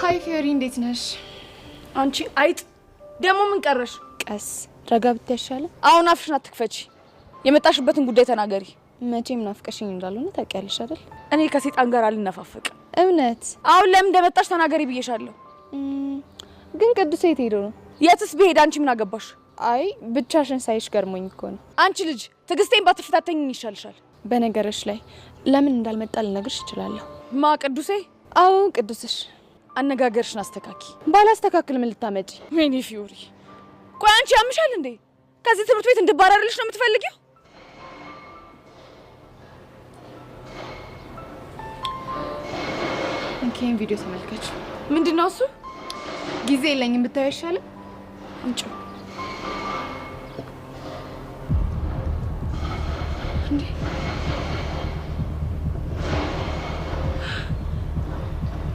ሀይ ፊዮሪ፣ እንዴት ነሽ? አንቺ አይጥ ደግሞ ምን ቀረሽ? ቀስ ረጋ ብትያሻለ። አሁን አፍሽን አትክፈቺ። የመጣሽበትን ጉዳይ ተናገሪ። መቼም ናፍቀሽኝ እንዳልሆነ ታውቂያለሽ አይደል? እኔ ከሴጣን ጋር አልናፋፈቅ። እውነት አሁን ለምን እንደመጣሽ ተናገሪ ብዬሻለሁ። ግን ቅዱስ የት ሄዶ ነው? የትስ ብሄድ አንቺ ምን አገባሽ? አይ ብቻሽን ሳይሽ ገርሞኝ እኮ ነው። አንቺ ልጅ ትዕግስቴን ባትፈታተኝ ይሻልሻል። በነገርሽ ላይ ለምን እንዳልመጣ ልነግርሽ እችላለሁ። ማ ቅዱሴ? አዎ ቅዱስሽ አነጋገርሽን አስተካኪ። ባላስተካክል ምን ልታመጪ? ወይኔ ፊዮሪ፣ ቆይ አንቺ ያምሻል እንዴ? ከዚህ ትምህርት ቤት እንድባረርልሽ ነው የምትፈልጊው? እንኬን ቪዲዮ ተመልከች። ምንድን ነው እሱ? ጊዜ የለኝም ብታዩ አይሻልም? እንጭ እንዴ